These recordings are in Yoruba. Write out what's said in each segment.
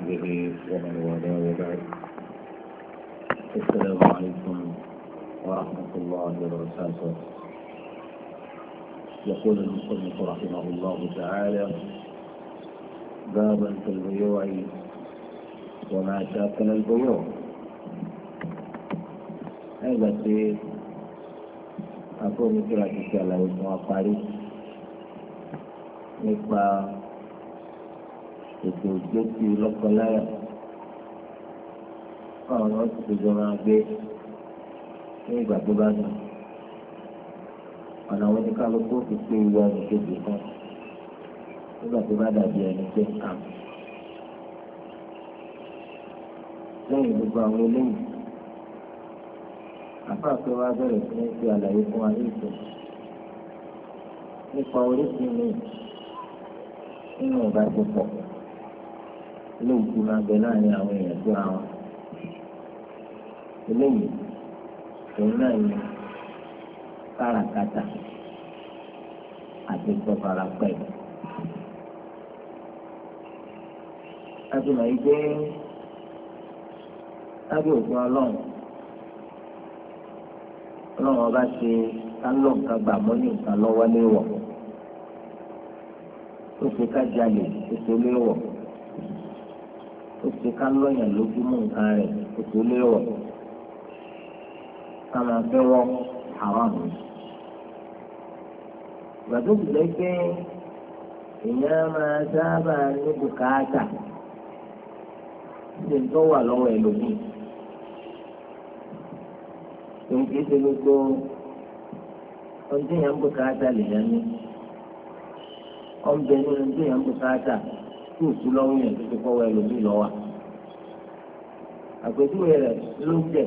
وصحبه ومن والاه وبعد السلام عليكم ورحمة الله وبركاته يقول المصنف رحمه الله تعالى بابا في البيوع وما شاكل البيوع هذا في أقول قراءة الله وبركاته nípa ètò ìgbésí lọ́kọláyà káwọn náà ti jọ máa gbé ní ìgbà tó bá nù ọ̀nà àwọn oníkálukú fi pé ìwà ìkejì kan nígbà tó bá dàbí ẹni tó ń kà lẹ́yìn gbogbo àwọn eléyìí àbá pé wá bẹ̀rẹ̀ sí ní ti àlàyé fún wa ní nípa oríṣi mi nínú ìbáṣepọ̀ eléyìí ti máa bẹ láàrin àwọn èèyàn tó ra wọn eléyìí òun náà ní káràkátà àti gbọ́fara pẹ̀lú. Adùnà yìí pé lábẹ́ òfin ọlọ́run ọlọ́run ọba ṣe kálọ̀ nǹkan gbà mọ́ ní nǹkan lọ́wọ́ léwọ̀ ó ṣe kájà lè ó ṣe léwọ̀ òsì ká lọ́yàn lójú mú nǹkan rẹ̀ òsì léwọ̀ ká máa fẹ́ wọ́ àwọn àmì. ìgbàdo ìgbẹ́ pé èèyàn máa sábà ní bùkátà ṣe ń tọ́ wà lọ́wọ́ ẹlòmíì. èyí kìí ṣe gbogbo ọdún yẹn ń bùkátà lèèyàn ní. ọ̀nbẹ ní ọdún yẹn ń bùkátà tí òkú lọ́wọ́ yẹn tó ti kọ́wọ́ ẹlòmíì lọ́wọ́ àpèjúwe rẹ̀ ló ń jẹ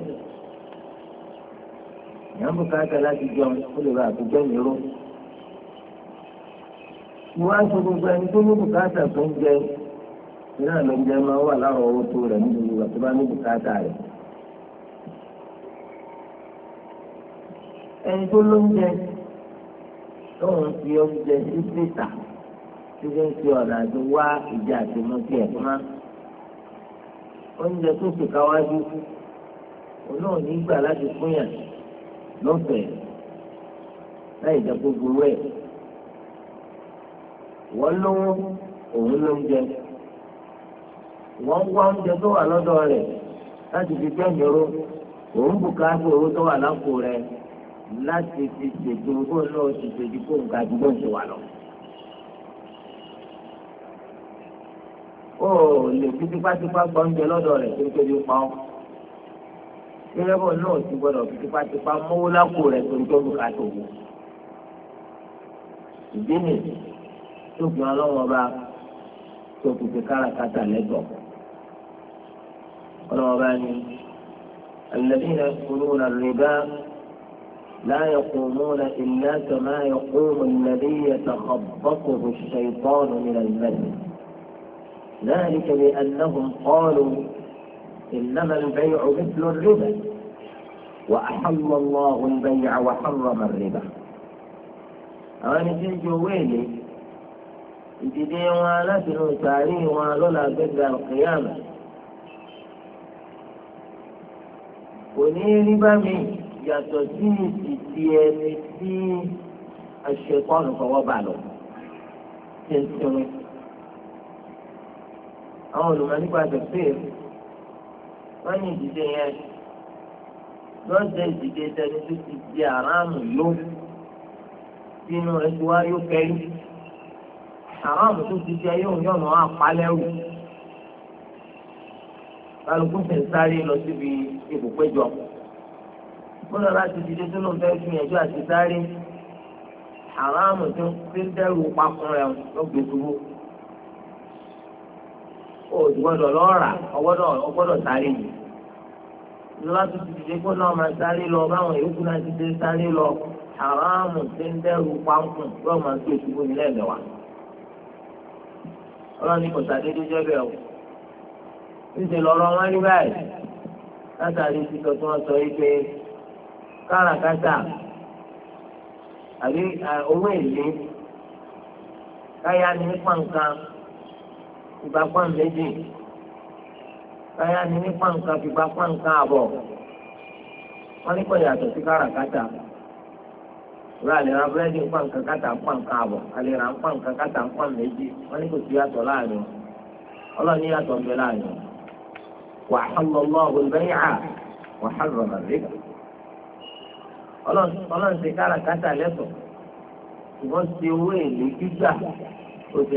ìyàmbù káàkiri láti jẹun ó lè ra àtúgbẹ́ ìró mo wá sọ gbogbo ẹni tó ní bùkátà tó ń jẹ iná ló ń jẹ máa wà láwọn owó tó rẹ̀ nínú ìwà tó bá ní bùkátà rẹ̀ ẹni tó ló ń jẹ tóun fi oúnjẹ sí síta. tí ó ń fi ọ̀nà àti wá ìjà àti mú sí ẹ̀ fún wa. oúnjẹ tó sì káwájú òun ò gbà láti fúnyà lọ́fẹ̀ẹ́ láì jẹ́ gbogbo wọ́n lówó òun ló ń jẹ. wọ́n ń wá oúnjẹ tó wà lọ́dọ̀ rẹ̀ láti fi òun tó wà lápò rẹ̀ láti fi ṣètò lè fi tipátipá gba oúnjẹ lọ́dọ̀ rẹ̀ tó ń tóbi pa ọ́. dírẹ́bọ̀ náà ti gbọ́dọ̀ fi tipátipá mówó lápò rẹ̀ tó ń tóbi ká tòwó. ìdí nì tó fi ọlọ́wọ́n bá tó fi fi káràkátà lẹ́tọ̀ọ́. ọlọ́wọ́n bá ní الذين يأكلون الربا لا يقومون إلا كما يقوم الذي يتخبطه الشيطان من المسجد ذلك لأنهم قالوا إنما البيع مثل الربا وأحل الله البيع وحرم الربا أنا تيجي ويلي تيجي وانا تنو تاري وانا لولا بدا القيامة وني ربا مي يتسيني تيتيني الشيطان فوضع له àwọn olùmọ̀ nípa tẹ̀síìr wọ́n ní ìdíje yẹn lọ́ọ́ jẹ́ ìdíje tẹni tó ti di àràmù ló sínú ẹtù wa yóò kẹ́yìn àràmù tó ti di ayé òun yọ̀nà àpálẹ́wò kálukú sì ń sáré lọ síbi ibùpéjọ ó lọ láti dìde tó lóun fẹ́ gbìyànjú àti sáré àràmù tó ń dẹ́rù pakùn rẹ̀ lọ́gbẹ̀ẹ́ ògbọ́dọ̀ lọ́ra ọgbọdọ sáré yìí lọ́tù ti di kó náà máa sáré lọ báwọn yòókù náà ti dé sáré lọ àràmù tí ń dẹ́rù máa gbé ìṣubú ní lẹ́ẹ̀mẹ́wàá. ọlọ́ni kò sàdédé jẹ́bẹ̀ o níṣẹ́ lọ́rọ́ wọn rí báyìí látàrí tí wọ́n sọ káràkátà àbí owó èlé káyà ní ìgbàgbọ́ méjì káyà ni nípa kwanka ìgbàgbọ́ nǹkan àbọ̀ wọ́n ní kò yàtọ̀ sí káràkátà ìwé àlera búrẹ́dì ń pa nǹkan àbọ̀ àlera ń pa nǹkan kwan méjì wọ́n ní kò sí yàtọ̀ ọlọ́ọ̀ni yàtọ̀ ọlọ́ọ̀ni ṣùgbọ́n owó